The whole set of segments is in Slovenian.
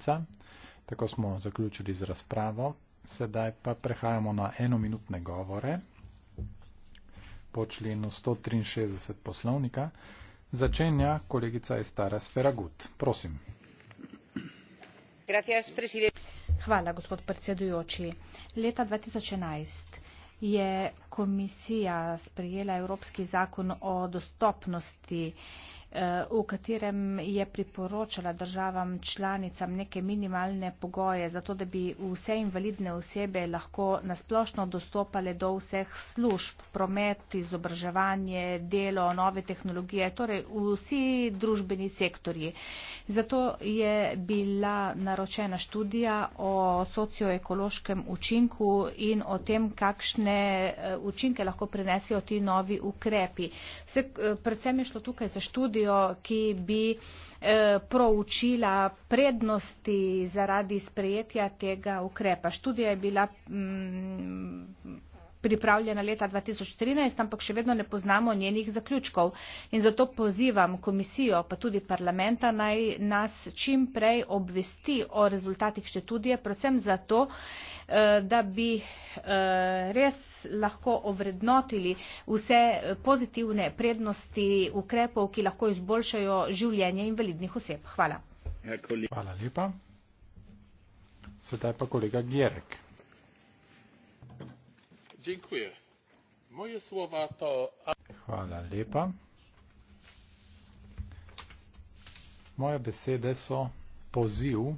Lipca. Tako smo zaključili z razpravo. Sedaj pa prehajamo na enominutne govore po členu 163 poslovnika. Začenja kolegica Estara Sferagut. Prosim. Gracias, Hvala, gospod predsedujoči. Leta 2011 je komisija sprejela Evropski zakon o dostopnosti Eh, v katerem je priporočala državam članicam neke minimalne pogoje, zato da bi vse invalidne osebe lahko nasplošno dostopale do vseh služb, promet, izobraževanje, delo, nove tehnologije, torej vsi družbeni sektorji. Zato je bila naročena študija o socioekološkem učinku in o tem, kakšne eh, učinke lahko prenesijo ti novi ukrepi. Se, eh, predvsem je šlo tukaj za študijo, komisijo, ki bi eh, proučila prednosti zaradi sprejetja tega ukrepa. Študija je bila m, mm, pripravljena leta 2013, ampak še vedno ne poznamo njenih zaključkov. In zato pozivam komisijo, pa tudi parlamenta, naj nas čim prej obvesti o rezultatih študije, predvsem zato, eh, da bi eh, res lahko ovrednotili vse pozitivne prednosti ukrepov, ki lahko izboljšajo življenje invalidnih oseb. Hvala. Hvala lepa. Sedaj pa kolega Gjerek. Dziękuję. Moje słowa to. Hvala lepa. Moje besede so poziv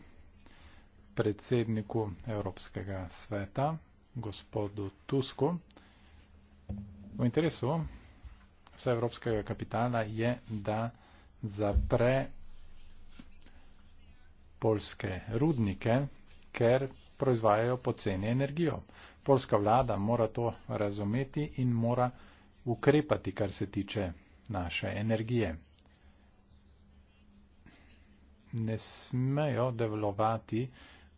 predsedniku Evropskega sveta, gospodu Tusku. V interesu vse evropskega kapitala je, da zapre polske rudnike, ker proizvajajo poceni energijo. Polska vlada mora to razumeti in mora ukrepati, kar se tiče naše energije. Ne smejo delovati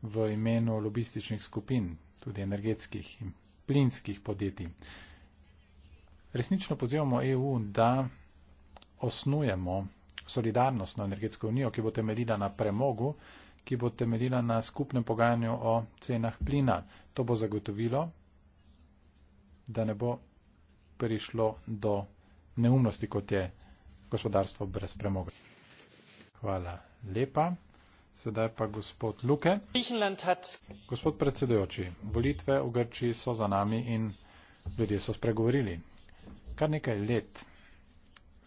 v imenu lobističnih skupin, tudi energetskih in plinskih podjetij. Resnično pozivamo EU, da osnujemo solidarnostno energetsko unijo, ki bo temeljila na premogu, ki bo temeljila na skupnem pogajanju o cenah plina. To bo zagotovilo, da ne bo prišlo do neumnosti, kot je gospodarstvo brez premoga. Hvala lepa. Sedaj pa gospod Luke. Gospod predsedujoči, volitve v Grčiji so za nami in ljudje so spregovorili. Kar nekaj let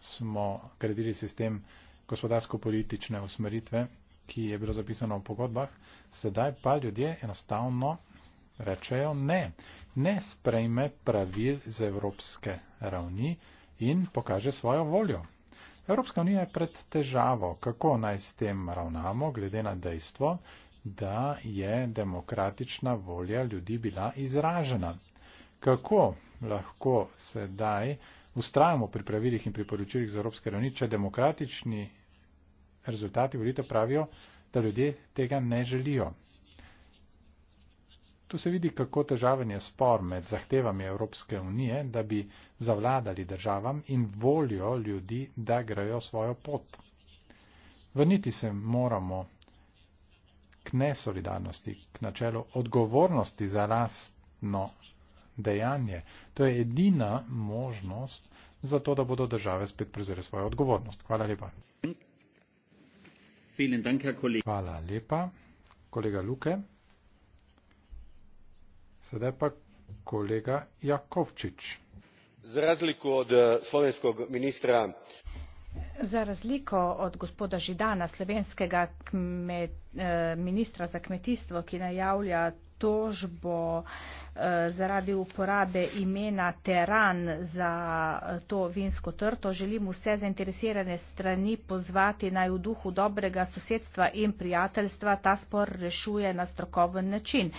smo gradili sistem gospodarsko-politične usmeritve ki je bilo zapisano v pogodbah, sedaj pa ljudje enostavno rečejo ne. Ne sprejme pravil z evropske ravni in pokaže svojo voljo. Evropska unija je pred težavo, kako naj s tem ravnamo, glede na dejstvo, da je demokratična volja ljudi bila izražena. Kako lahko sedaj ustrajamo pri pravilih in priporočilih z Evropske ravni, če demokratični rezultati volitev pravijo, da ljudje tega ne želijo. Tu se vidi, kako težaven je spor med zahtevami Evropske unije, da bi zavladali državam in voljo ljudi, da grejo svojo pot. Vrniti se moramo k nesolidarnosti, k načelu odgovornosti za lastno dejanje. To je edina možnost za to, da bodo države spet prezele svojo odgovornost. Hvala lepa. Vielen Dank, Herr Kollege. Hvala lepa. Kolega Luke. Sedaj pa kolega Jakovčič. Za razliko od eh, slovenskega ministra. Za razliko od gospoda Židana, slovenskega kme, eh, ministra za kmetijstvo, ki najavlja tožbo eh, zaradi uporabe imena Teran za eh, to vinsko trto. Želim vse zainteresirane strani pozvati naj v duhu dobrega sosedstva in prijateljstva ta spor rešuje na strokoven način.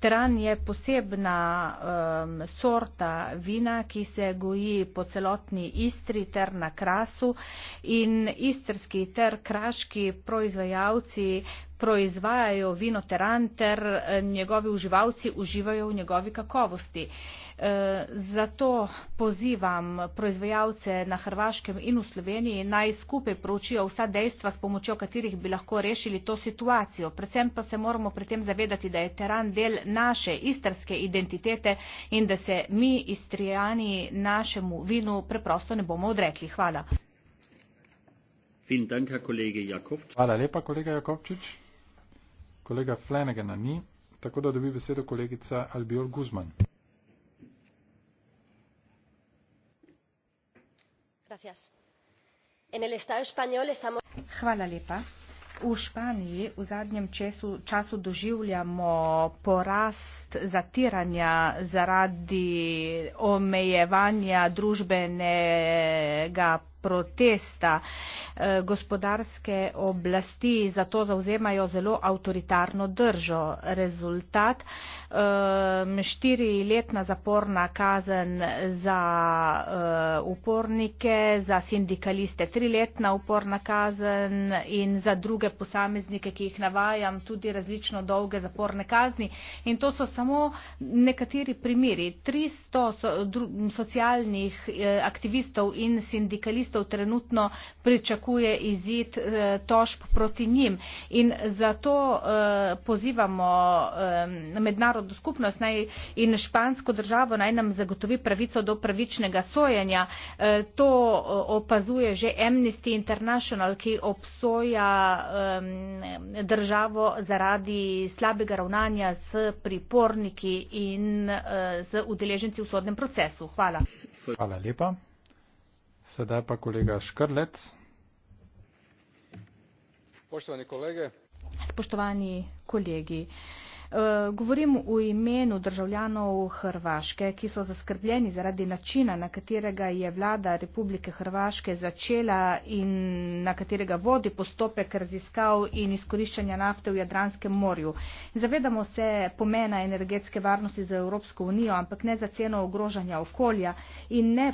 Teran je posebna um, sorta vina, ki se goji po celotni Istri ter na Krasu in istrski ter kraški proizvajalci proizvajajo vino teran ter eh, njegovi uživalci uživajo v njegovi kakovosti. Eh, zato pozivam proizvajalce na Hrvaškem in v Sloveniji naj skupaj proučijo vsa dejstva, s pomočjo katerih bi lahko rešili to situacijo. Predvsem pa se moramo pri tem zavedati, da je teran del naše istarske identitete in da se mi, istrijani, našemu vinu preprosto ne bomo odrekli. Hvala. Hvala lepa, kolega Jakovčič. Kolega Flanagana ni, tako da dobi besedo kolegica Albiol Guzman. Hvala lepa. V Španiji v zadnjem času, času doživljamo porast zatiranja zaradi omejevanja družbenega protesta. Eh, gospodarske oblasti za to zauzemajo zelo avtoritarno držo. Rezultat ehm, štiri letna zaporna kazen za eh, upornike, za sindikaliste tri letna uporna kazen in za druge posameznike, ki jih navajam, tudi različno dolge zaporne kazni. In to so samo nekateri primiri. 300 socialnih eh, aktivistov in sindikalistov aktivistov trenutno pričakuje izid eh, tožb proti njim. In zato eh, pozivamo eh, mednarodno skupnost in špansko državo naj nam zagotovi pravico do pravičnega sojenja. To opazuje že Amnesty International, ki obsoja državo zaradi slabega ravnanja s priporniki in z udeleženci v sodnem procesu. Hvala. Hvala lepa. Sedaj pa kolega Škrlec. Poštovani kolege. Spoštovani kolegi. Eh, govorim v imenu državljanov Hrvaške, ki so zaskrbljeni zaradi načina, na katerega je vlada Republike Hrvaške začela in na katerega vodi postopek raziskav in izkoriščanja nafte v Jadranskem morju. Zavedamo se pomena energetske varnosti za Evropsko unijo, ampak ne za ceno ogrožanja okolja in ne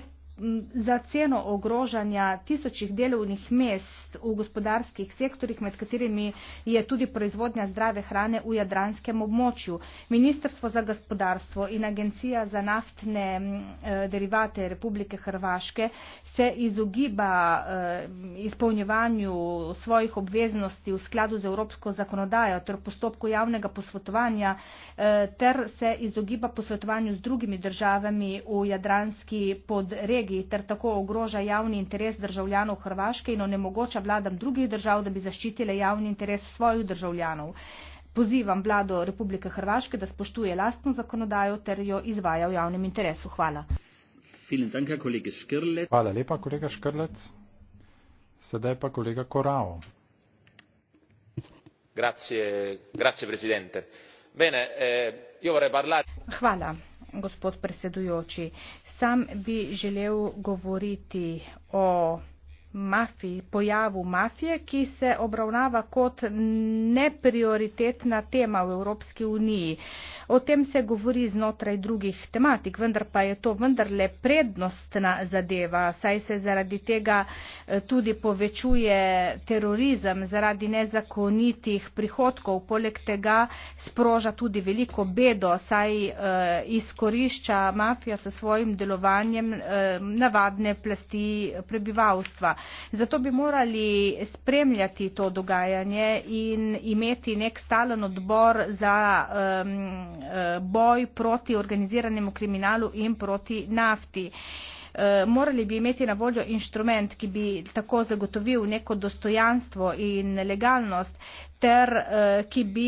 za ceno ogrožanja tisočih delovnih mest v gospodarskih sektorjih, med katerimi je tudi proizvodnja zdrave hrane v jadranskem območju. Ministrstvo za gospodarstvo in Agencija za naftne e, derivate Republike Hrvaške se izogiba e, izpolnjevanju svojih obveznosti v skladu z evropsko zakonodajo ter postopku javnega posvetovanja e, ter se izogiba posvetovanju z drugimi državami v jadranski podregiji regiji ter tako ogroža javni interes državljanov Hrvaške in onemogoča vladam drugih držav, da bi zaščitile javni interes svojih državljanov. Pozivam vlado Republike Hrvaške, da spoštuje lastno zakonodajo ter jo izvaja v javnem interesu. Hvala. Hvala lepa, kolega Škrlec. Sedaj pa kolega Korao. Grazie, grazie, Bene, eh, io parlare... Hvala, gospod predsedujoči. Sam bi želel govoriti o mafiji, pojavu mafije, ki se obravnava kot neprioritetna tema v Evropski uniji. O tem se govori znotraj drugih tematik, vendar pa je to vendarle prednostna zadeva, saj se zaradi tega eh, tudi povečuje terorizem zaradi nezakonitih prihodkov, poleg tega sproža tudi veliko bedo, saj eh, izkorišča mafija s svojim delovanjem eh, navadne plasti prebivalstva. Zato bi morali spremljati to dogajanje in imeti nek stalen odbor za um, eh, boj proti organiziranemu kriminalu in proti nafti. Uh, Eh, morali bi imeti na voljo inštrument, ki bi tako zagotovil neko dostojanstvo in legalnost, ter eh, ki bi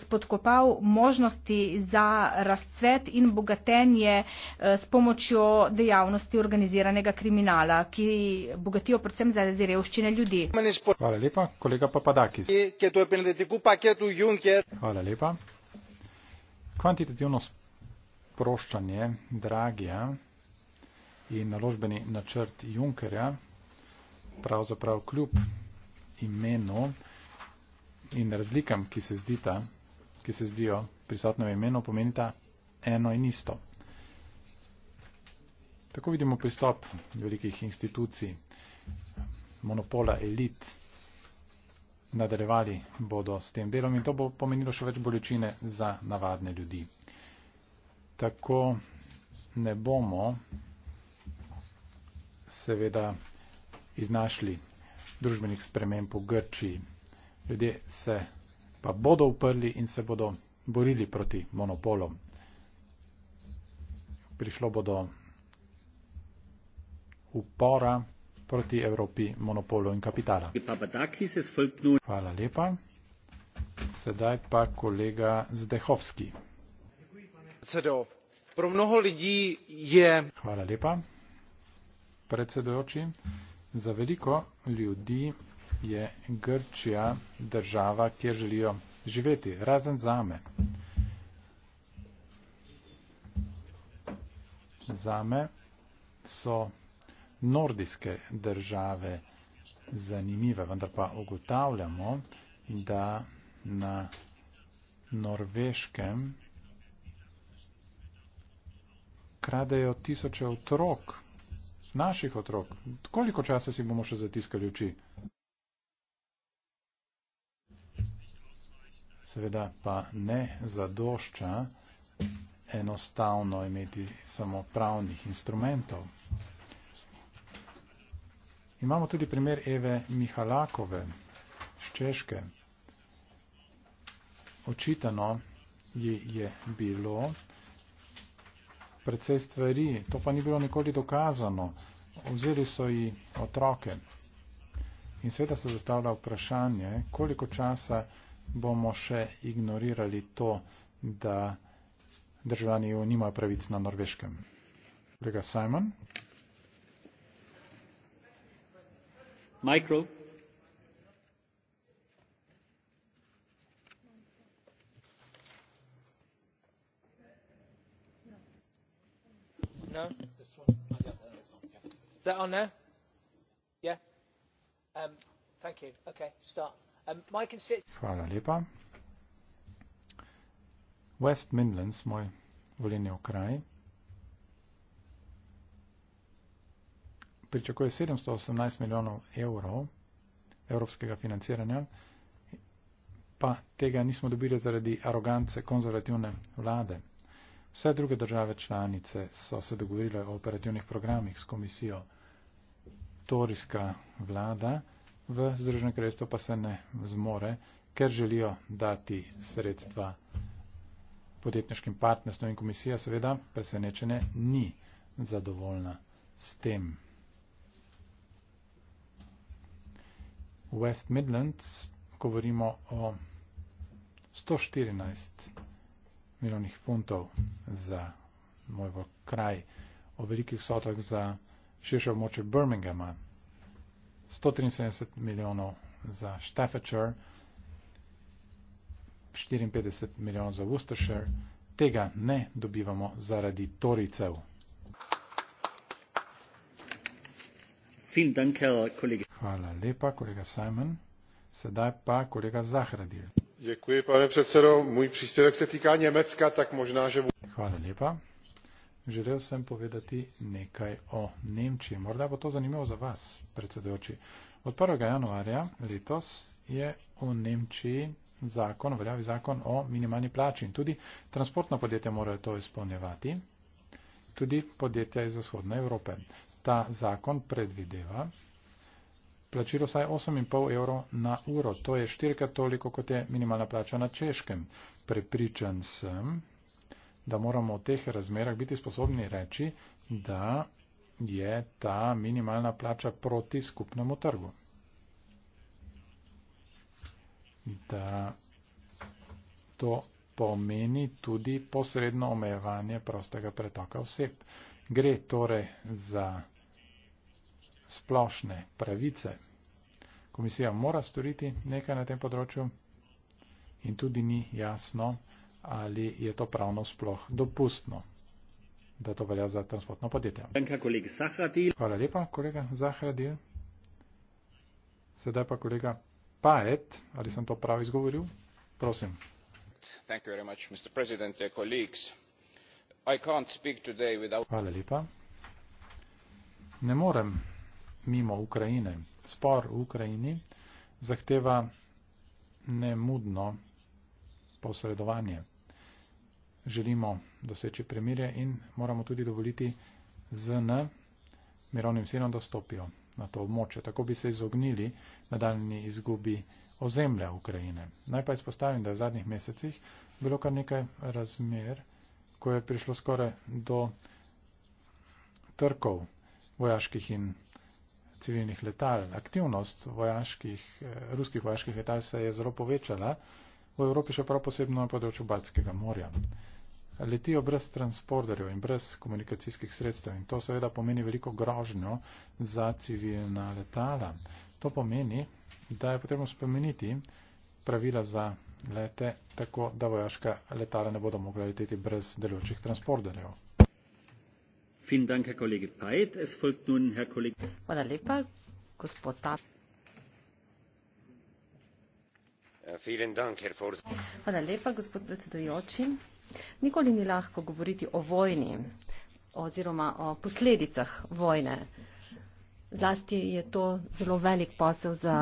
spodkopal možnosti za razcvet in bogatenje eh, s pomočjo dejavnosti organiziranega kriminala, ki bogatijo predvsem zaradi revščine ljudi. Hvala lepa, kolega Papadakis. Hvala lepa. Kvantitativno sproščanje, dragi in naložbeni načrt Junkerja, pravzaprav kljub imenu in razlikam, ki se, zdita, ki se zdijo prisotne v imenu, pomenita eno in isto. Tako vidimo pristop velikih institucij, monopola, elit. Nadaljevali bodo s tem delom in to bo pomenilo še več bolečine za navadne ljudi. Tako ne bomo seveda iznašli družbenih sprememb v Grčiji. Ljudje se pa bodo uprli in se bodo borili proti monopolom. Prišlo bodo upora proti Evropi monopolov in kapitala. Hvala lepa. Sedaj pa kolega Zdehovski. Hvala lepa predsedujoči. Za veliko ljudi je Grčija država, kjer želijo živeti, razen zame. Zame so nordijske države zanimive, vendar pa ugotavljamo, da na norveškem kradejo tisoče otrok naših otrok. Koliko časa si bomo še zatiskali oči? Seveda pa ne zadošča enostavno imeti samo pravnih instrumentov. Imamo tudi primer Eve Mihalakove iz Češke. Očitano ji je bilo, precej stvari. To pa ni bilo nikoli dokazano. Vzeli so ji otroke. In sveda se zastavlja vprašanje, koliko časa bomo še ignorirali to, da državljani EU nimajo pravic na norveškem. Kolega Simon. Micro. No? This one? Oh, yeah, on, yeah. Is that on now? Yeah? Um, thank you. Okay, start. Um, my Hvala lepa. West Midlands, moj volilni okraj, pričakuje 718 milijonov evrov evropskega financiranja, pa tega nismo dobili zaradi arogance konzervativne vlade. Vse druge države članice so se dogovorile o operativnih programih s komisijo. Torijska vlada v Združenem kraljestvu pa se ne zmore, ker želijo dati sredstva podjetniškim partnerstvom in komisija seveda presenečene ni zadovoljna s tem. West Midlands, govorimo o 114 milijonih funtov za moj kraj, o velikih sotah za širše območje Birminghama, 173 milijonov za Staffordshire, 54 milijonov za Worcestershire, tega ne dobivamo zaradi toricev. Hvala lepa, kolega Simon. Sedaj pa kolega Zahradil pane předsedající můj příspěvek se týká německa tak možná že. želel sem povedati nekaj o nemčiji morda bo to zanimivo za vas predsedujoči od 1. januarja letos je v nemčiji zakon veljavi zakon o minimalni plači in tudi transportna podjetja morajo to izpolnjevati tudi podjetja iz vzhodne evrope ta zakon predvideva plačilo saj 8,5 evrov na uro. To je štirikrat toliko, kot je minimalna plača na češkem. Prepričan sem, da moramo v teh razmerah biti sposobni reči, da je ta minimalna plača proti skupnemu trgu. Da to pomeni tudi posredno omejevanje prostega pretoka oseb. Gre torej za splošne pravice. Komisija mora storiti nekaj na tem področju in tudi ni jasno, ali je to pravno sploh dopustno, da to velja za transportno podjetje. Hvala lepa, kolega Zahradil. Sedaj pa kolega Paet, ali sem to prav izgovoril? Prosim. Hvala lepa. Ne morem mimo Ukrajine. Spor v Ukrajini zahteva nemudno posredovanje. Želimo doseči premirje in moramo tudi dovoliti ZN mirovnim silam, da stopijo na to območje. Tako bi se izognili nadaljni izgubi ozemlja Ukrajine. Naj pa izpostavim, da je v zadnjih mesecih bilo kar nekaj razmer, ko je prišlo skoraj do trkov vojaških in civilnih letal. Aktivnost vojaških, eh, ruskih vojaških letal se je zelo povečala v Evropi, še prav posebno na področju Baltskega morja. Letijo brez transporterjev in brez komunikacijskih sredstev in to seveda pomeni veliko grožnjo za civilna letala. To pomeni, da je potrebno spremeniti pravila za lete tako, da vojaška letala ne bodo mogla leteti brez delujočih transporterjev hvala lepa gospod ta ja, hvala lepa gospod predsedujoči nikoli ni lahko govoriti o vojni oziroma o posledicah vojne zlasti je to zelo velik posel za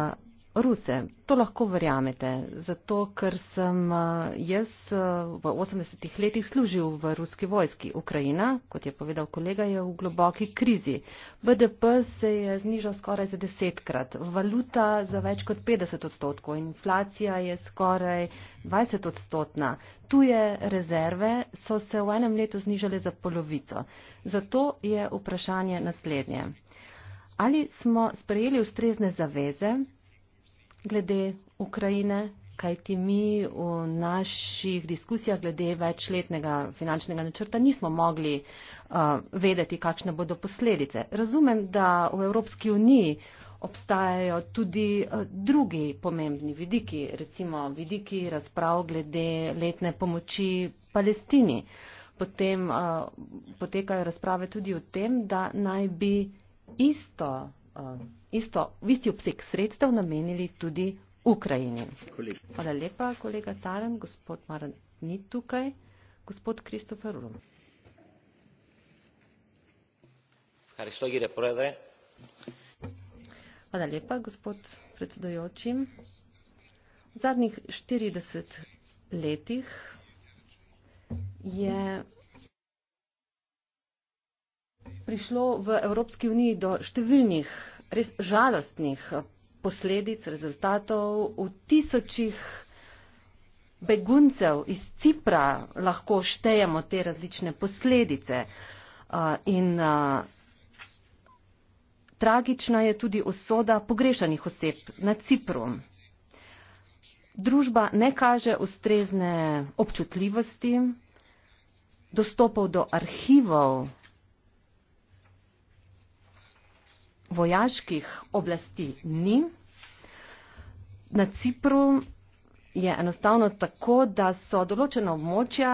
Ruse, to lahko verjamete, zato ker sem eh, jaz eh, v 80-ih letih služil v ruski vojski. Ukrajina, kot je povedal kolega, je v globoki krizi. BDP se je znižal skoraj za desetkrat, valuta za več kot 50 odstotkov, inflacija je skoraj 20 odstotna. Tuje rezerve so se v enem letu znižale za polovico. Zato je vprašanje naslednje. Ali smo sprejeli ustrezne zaveze? glede Ukrajine, kajti mi v naših diskusijah glede večletnega finančnega načrta nismo mogli uh, vedeti, kakšne bodo posledice. Razumem, da v Evropski uniji obstajajo tudi uh, drugi pomembni vidiki, recimo vidiki razprav glede letne pomoči Palestini. Potem uh, potekajo razprave tudi o tem, da naj bi isto Eh, isto, isti obseg sredstev namenili tudi Ukrajini. Hvala lepa, kolega Taren. Gospod Maran ni tukaj. Gospod Kristofer Rum. Hvala lepa, gospod predsedojoči. V zadnjih 40 letih je prišlo v Evropski uniji do številnih res žalostnih posledic, rezultatov v tisočih beguncev iz Cipra lahko štejemo te različne posledice. In tragična je tudi osoda pogrešanih oseb na Cipru. Družba ne kaže ustrezne občutljivosti, dostopov do arhivov vojaških oblasti ni. Na Cipru je enostavno tako, da so določena območja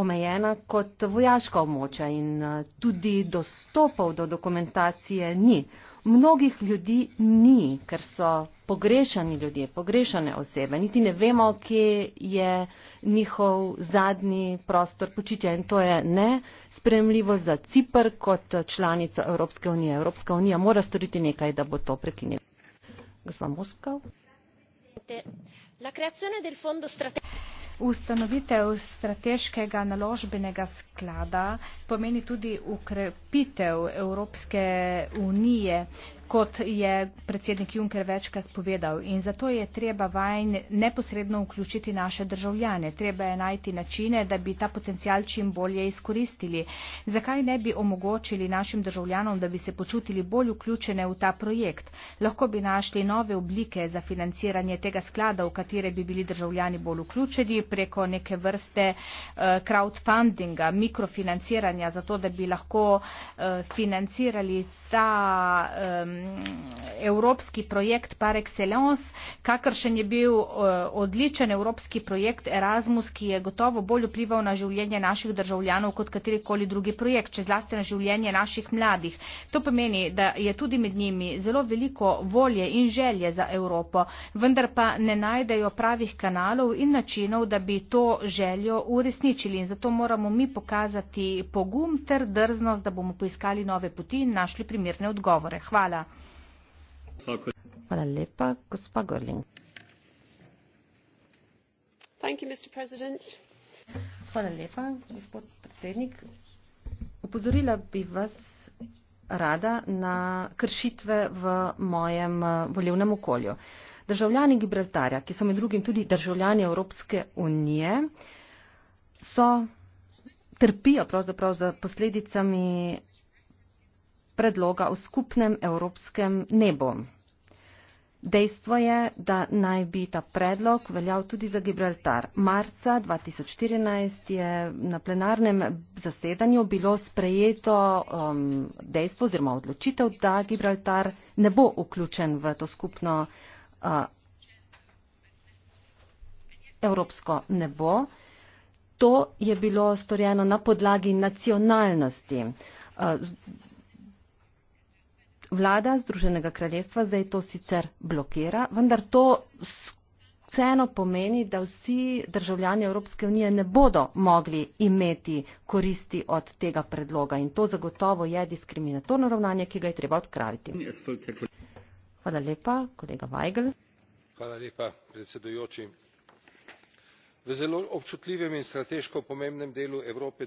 omejena kot vojaška območja in eh, tudi dostopov do dokumentacije ni. Mnogih ljudi ni, ker so pogrešani ljudje, pogrešane osebe, niti ne vemo, kje je njihov zadnji prostor počitja in to je ne spremljivo za Cipr kot članica Evropske unije. Evropska unija mora storiti nekaj, da bo to prekinila. Gospod Moskov. Ustanovitev strateškega naložbenega sklada pomeni tudi ukrepitev Evropske unije kot je predsednik Juncker večkrat povedal. In zato je treba vajn neposredno vključiti naše državljane. Treba je najti načine, da bi ta potencial čim bolje izkoristili. Zakaj ne bi omogočili našim državljanom, da bi se počutili bolj vključene v ta projekt? Lahko bi našli nove oblike za financiranje tega sklada, v katere bi bili državljani bolj vključeni preko neke vrste eh, crowdfundinga, mikrofinanciranja, zato da bi lahko eh, financirali ta um, evropski projekt par excellence, kakršen je bil uh, odličen evropski projekt Erasmus, ki je gotovo bolj vplival na življenje naših državljanov kot katerikoli drugi projekt, če zlasti na življenje naših mladih. To pomeni, da je tudi med njimi zelo veliko volje in želje za Evropo, vendar pa ne najdejo pravih kanalov in načinov, da bi to željo uresničili. In zato moramo mi pokazati pogum ter drznost, da bomo poiskali nove poti in našli primer primerne odgovore. Hvala. Hvala lepa, gospa Gorling. Hvala lepa, gospod predsednik. Opozorila bi vas rada na kršitve v mojem eh, volivnem okolju. Državljani Gibraltarja, ki so med drugim tudi državljani Evropske unije, so, trpijo pravzaprav za posledicami predloga o skupnem evropskem nebu. Dejstvo je, da naj bi ta predlog veljal tudi za Gibraltar. Marca 2014 je na plenarnem zasedanju bilo sprejeto um, dejstvo oziroma odločitev, da Gibraltar ne bo vključen v to skupno uh, evropsko nebo. To je bilo storjeno na podlagi nacionalnosti. Uh, vlada Združenega kraljestva zdaj to sicer blokira, vendar to vseeno pomeni, da vsi državljani Evropske unije ne bodo mogli imeti koristi od tega predloga in to zagotovo je diskriminatorno ravnanje, ki ga je treba odkraviti. Hvala lepa, kolega Weigl. Hvala lepa, predsedujoči. V zelo občutljivem in strateško pomembnem delu Evrope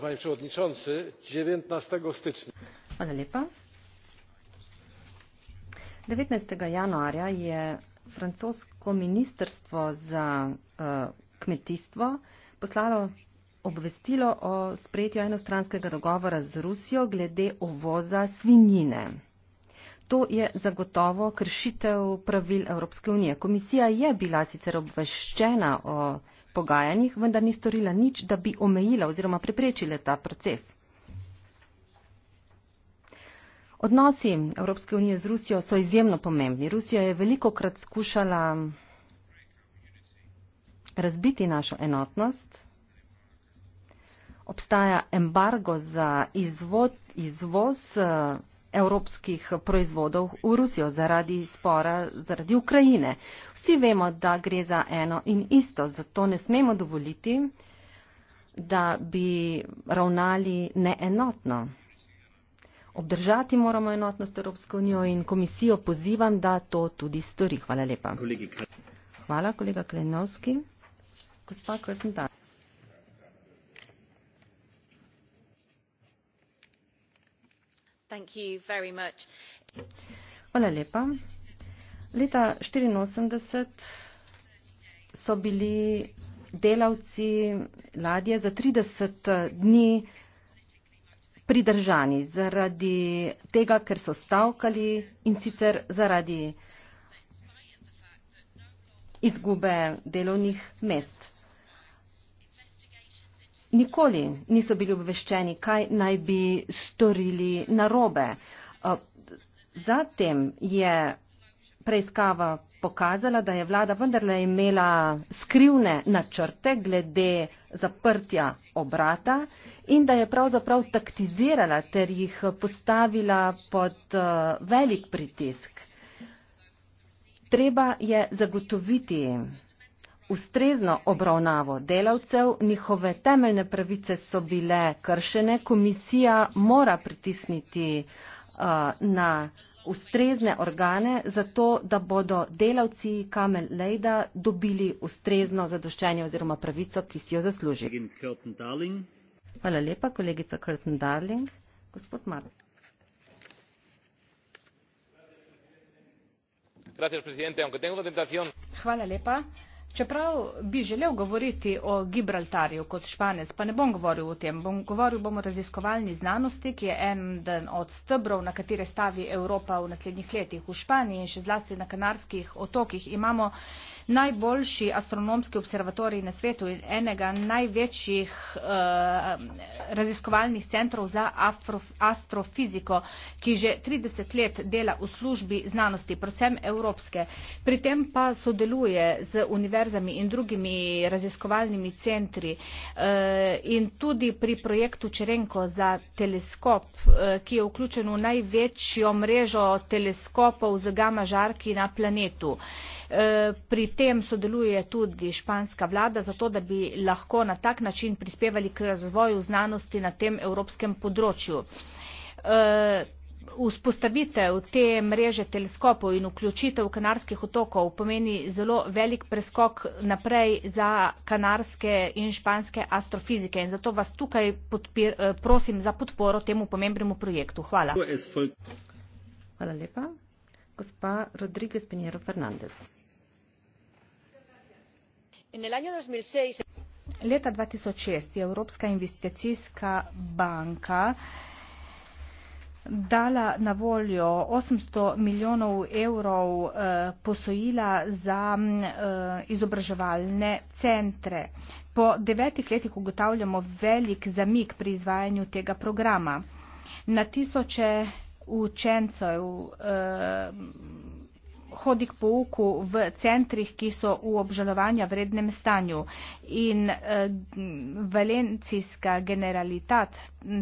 panie przewodniczący! dziewiętnaście stycznia. devetnajst januarja je francosko ministrstvo za eh, kmetijstvo poslalo obvestilo o sprejetju enostranskega dogovora z rusijo glede uvoza svinjine. To je zagotovo kršitev pravil Evropske unije. Komisija je bila sicer obveščena o pogajanjih, vendar ni storila nič, da bi omejila oziroma preprečile ta proces. Odnosi Evropske unije z Rusijo so izjemno pomembni. Rusija je veliko krat skušala razbiti našo enotnost. Obstaja embargo za izvod, izvoz. Uh, evropskih proizvodov v Rusijo zaradi spora, zaradi Ukrajine. Vsi vemo, da gre za eno in isto, zato ne smemo dovoliti, da bi ravnali neenotno. Obdržati moramo enotnost Evropske unije in komisijo pozivam, da to tudi stori. Hvala lepa. Hvala, kolega Klenovski. Gospa Krtendal. Hvala lepa. Leta 1984 so bili delavci ladje za 30 dni pridržani zaradi tega, ker so stavkali in sicer zaradi izgube delovnih mest. Nikoli niso bili obveščeni, kaj naj bi storili narobe. Eh, zatem je preiskava pokazala, da je vlada vendarle imela skrivne načrte glede zaprtja obrata in da je pravzaprav taktizirala ter jih postavila pod eh, velik pritisk. Treba je zagotoviti ustrezno obravnavo delavcev, njihove temeljne pravice so bile kršene, komisija mora pritisniti uh, na ustrezne organe, zato da bodo delavci Kamel Lejda dobili ustrezno zadoščenje oziroma pravico, ki si jo zasluži. Hvala lepa, kolegica Curtin Darling. Gospod Mar. Hvala lepa. Čeprav bi želel govoriti o Gibraltarju kot španec, pa ne bom govoril o tem. Bom govoril bom o raziskovalni znanosti, ki je eden od stebrov, na katere stavi Evropa v naslednjih letih. V Španiji in še zlasti na Kanarskih otokih imamo najboljši astronomski observatorij na svetu in enega največjih uh, raziskovalnih centrov za afro, astrofiziko, ki že 30 let dela v službi znanosti, predvsem evropske. Pri tem pa sodeluje z univerzami in drugimi raziskovalnimi centri uh, in tudi pri projektu Čerenko za teleskop, uh, ki je vključen v največjo mrežo teleskopov z gama žarki na planetu. Uh, tem sodeluje tudi španska vlada, zato da bi lahko na tak način prispevali k razvoju znanosti na tem evropskem področju. E, vzpostavitev te mreže teleskopov in vključitev kanarskih otokov pomeni zelo velik preskok naprej za kanarske in španske astrofizike in zato vas tukaj podpir, e, prosim za podporo temu pomembnemu projektu. Hvala. Hvala lepa. Gospa Rodriguez Pinheiro Fernandez. Leta 2006 je Evropska investicijska banka dala na voljo 800 milijonov evrov eh, posojila za eh, izobraževalne centre. Po devetih letih ugotavljamo velik zamik pri izvajanju tega programa. Na tisoče učencev eh, hodi k pouku v centrih, ki so v obžalovanja vrednem stanju. In eh, valencijska generalitat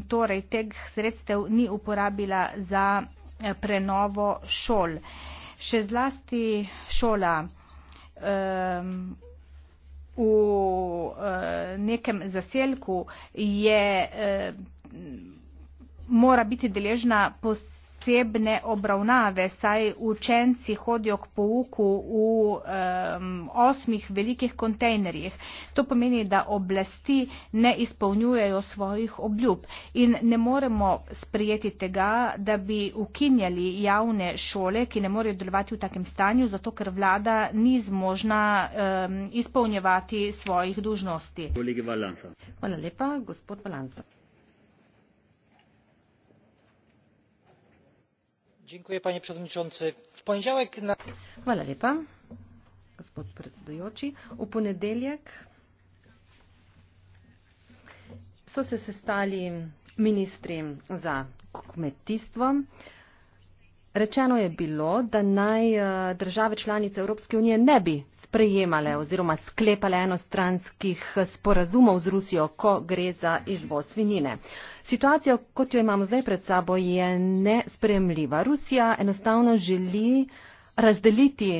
torej teh sredstev ni uporabila za eh, prenovo šol. Še zlasti šola eh, v eh, nekem zaselku je. Eh, mora biti deležna posebnosti posebne obravnave, saj učenci hodijo k pouku v um, osmih velikih kontejnerjih. To pomeni, da oblasti ne izpolnjujejo svojih obljub in ne moremo sprijeti tega, da bi ukinjali javne šole, ki ne morejo delovati v takem stanju, zato ker vlada ni zmožna um, izpolnjevati svojih dužnosti. Hvala lepa, gospod Balanca. panie predsedujoči v ponedeljek na so se sestali ministri za kmetijstvo Rečeno je bilo, da naj eh, države članice Evropske unije ne bi sprejemale oziroma sklepale enostranskih eh, sporazumov z Rusijo, ko gre za izvoz svinjine. Situacija, kot jo imamo zdaj pred sabo, je nespremljiva. Rusija enostavno želi razdeliti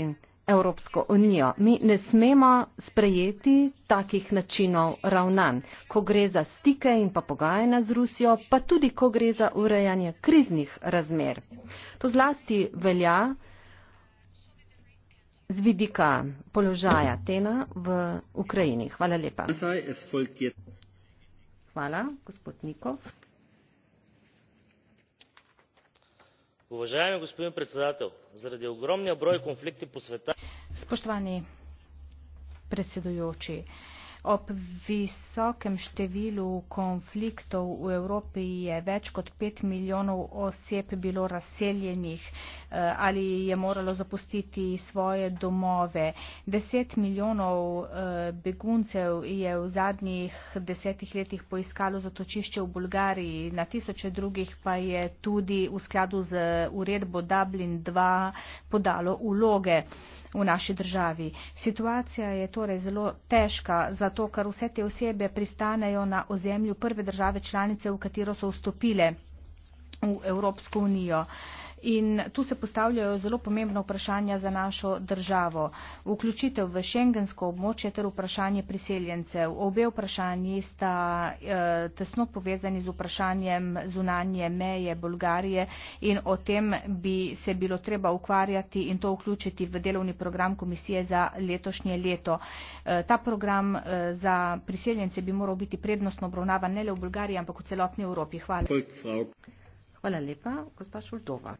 Evropsko unijo. Mi ne smemo sprejeti takih načinov ravnanj, ko gre za stike in pa pogajanja z Rusijo, pa tudi, ko gre za urejanje kriznih razmer. To zlasti velja z vidika položaja Tena v Ukrajini. Hvala lepa. Hvala, gospod Nikov. uvažajami gospodin predsedatelj zaradi ogromnega broja konfliktov po svetu. Ob visokem številu konfliktov v Evropi je več kot pet milijonov oseb bilo razseljenih eh, ali je moralo zapustiti svoje domove. Deset milijonov eh, beguncev je v zadnjih desetih letih poiskalo zatočišče v Bulgariji, na tisoče drugih pa je tudi v skladu z uredbo Dublin II podalo uloge v naši državi. Situacija je torej zelo težka za zato, ker vse te osebe pristanejo na ozemlju prve države članice, v katero so vstopile v Evropsko unijo. Uh, in tu se postavljajo zelo pomembna vprašanja za našo državo. Vključitev v šengensko območje ter vprašanje priseljencev. Obe vprašanji sta eh, tesno povezani z vprašanjem zunanje meje Bolgarije in o tem bi se bilo treba ukvarjati in to vključiti v delovni program komisije za letošnje leto. Eh, ta program eh, za priseljence bi moral biti prednostno obravnavan ne le v Bolgariji, ampak v celotni Evropi. Hvala. Hvala lepa, gospa Šuldova.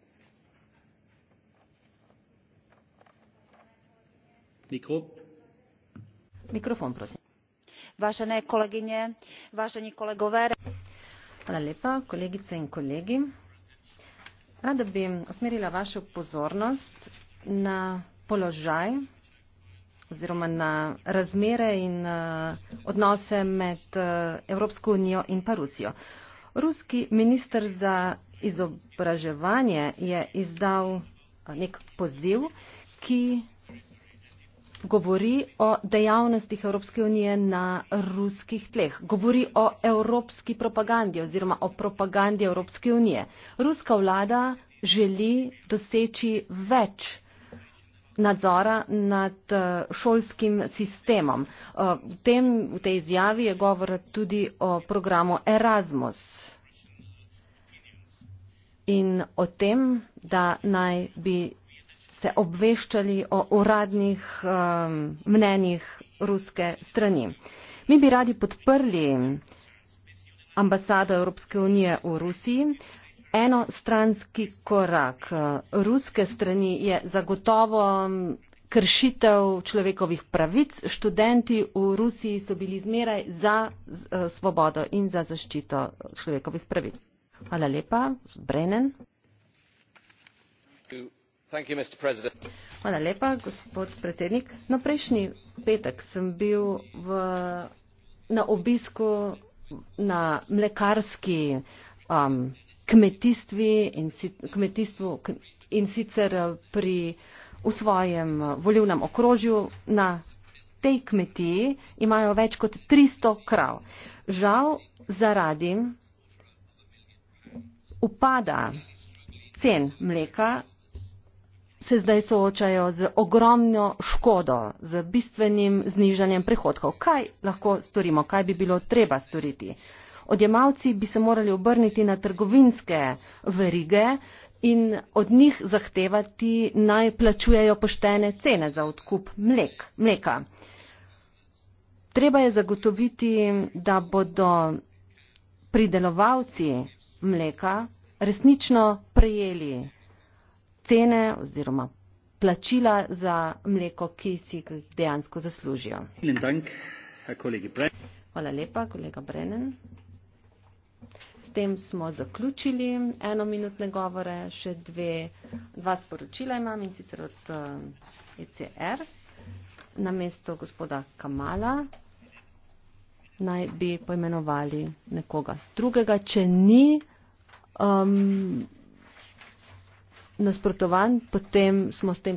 Mikrofon, prosim. Vážené kolegyne, vážení kolegové. Hvala lepa, kolegice in kolegi. Rada bi usmerila vašo pozornost na položaj oziroma na razmere in eh, odnose med eh, Evropsko unijo in pa Rusijo. Ruski minister za izobraževanje je izdal eh, nek poziv, ki govori o dejavnostih Evropske unije na ruskih tleh. Govori o evropski propagandi oziroma o propagandi Evropske unije. Ruska vlada želi doseči več nadzora nad eh, šolskim sistemom. Eh, v, tem, v tej izjavi je govor tudi o programu Erasmus in o tem, da naj bi se obveščali o uradnih um, mnenjih ruske strani. Mi bi radi podprli ambasado Evropske unije v Rusiji. Eno stranski korak uh, ruske strani je zagotovo um, kršitev človekovih pravic. Študenti v Rusiji so bili zmeraj za uh, svobodo in za zaščito človekovih pravic. Hvala lepa. Brenen. Hvala lepa, gospod predsednik. Na no, prejšnji petek sem bil v, na obisku na mlekarski um, kmetijstvi in, kmetijstvu in sicer pri v svojem volivnem okrožju na tej kmetiji imajo več kot 300 krav. Žal zaradi upada cen mleka se zdaj soočajo z ogromno škodo, z bistvenim znižanjem prihodkov. Kaj lahko storimo, kaj bi bilo treba storiti? Odjemalci bi se morali obrniti na trgovinske verige in od njih zahtevati naj plačujejo poštene cene za odkup mlek, mleka. Treba je zagotoviti, da bodo pridelovalci mleka resnično prejeli cene oziroma plačila za mleko, ki si jih dejansko zaslužijo. Hvala lepa, kolega Brennan. S tem smo zaključili eno minutne govore, še dve, dva sporočila imam in sicer od ECR. Eh, e Na mesto gospoda Kamala naj bi poimenovali nekoga drugega, če ni. Um, nasprotovanj, potem smo s tem.